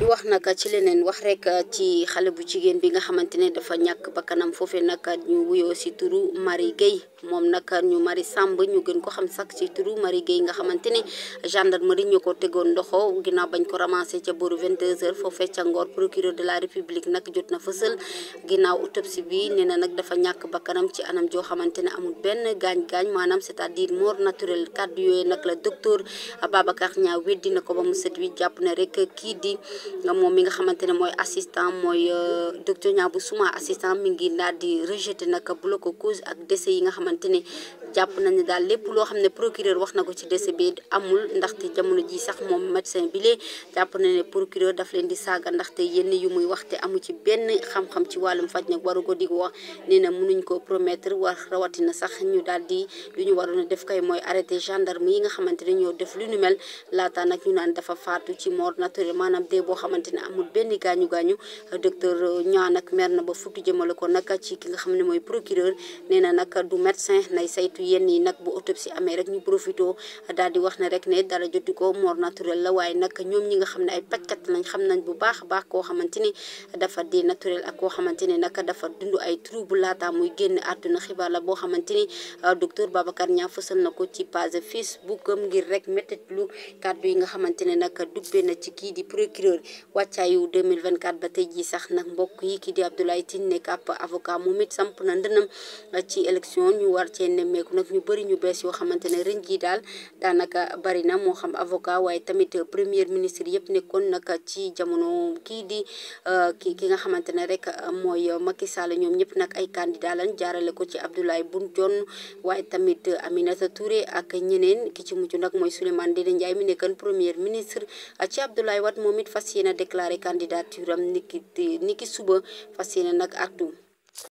ñu wax nag ci leneen wax rek uh, ci xale bu jigéen bi nga xamante ne dafa ñàkk bakkanam foofee nag ñu wuyoo si turu Marie Guèye moom nag ñu Marie Samb ñu gën ko xam sax ci turu Marie Guèye nga xamante ne gendarmerie ñu ko tegoon loxo ginnaaw bañ ko ramassé ca booru 22h foofee ca Ngor procureur de la République nag jot na fësal ginnaaw autopsie bi nee na nag dafa ñàkk bakkanam ci anam joo xamante ne amul benn gaañ-gaañ maanaam c'est-à-dire mort naturelle kàddu yooyu nag la docteur Babacar Niang weddi na ko ba mu set wi jàpp na rek kii di. moom mi nga xamante ne mooy assistant mooy euh, docteur Niabou Souma assistant mi ngi daal di rejeté nag bloc cause ak décès yi nga xamante ne jàpp nañu daal lépp loo xam ne procureur wax na ko ci décès bi amul ndaxte jamono ji sax moom médecin bi lee jàpp na ne procureur daf leen di saaga te yenn yu muy wax te amu ci benn xam-xam ci wàllum faj nag waru ko di ko wax nee na mënuñ ko promettre war rawatina sax ñu daal di lu ñu waroon a def kay mooy arrêté gendarme yi nga xamante ne ñoo def lu ñu mel laata nag ñu naan dafa faatu ci mort naturelle maanaam boo xamante ne amul benn gaañu gaañu docteur ñaa nag mer na ba futu jëmale ko nag ci ki nga xam ne mooy procureur nee na nag du médecin nay saytu yenn yi nag bu autopsie amee rek ñu profito daal di wax ne rek ne dara jotu ko mort naturel la waaye nag ñoom ñi nga xam ne ay pajkat lañ xam nañ bu baax a baax koo xamante ni dafa dee naturel ak koo xamante ne nag dafa dund ay trouble laata muy génn àdduna xibaar la boo xamante ni docteur Babacar Niang fësal na ko ci page Facebook am ngir rek méttit lu kàddu yi nga xamante ne nag dubbee na ci kii wàccaayu 2024 ba tey jii sax nag mbokk yi kii di Abdoulaye Tine nekk ab avocat moom it samp na ndënam ci élection ñu war cee nemmeeku nag ñu bëri ñu bees yoo xamante ne rëñ ji daal daanaka bari na moo xam avocat waaye tamit premier ministre yëpp nekkoon nag ci jamono kii di euh, ki ki nga xamante ne rek euh, mooy Macky Sall ñoom ñëpp nag ay candidat lañ jaarale ko ci Abdoulaye bu Dionne waaye tamit Aminata Touré ak ñeneen ki ci mujj nag mooy Souleymane Ndéné Ndiaye mi nekkoon premier ministre ci Abdoulaye Wade moom it fas fas yéene déclaré candidature am niki niki suba fas yéene nag artu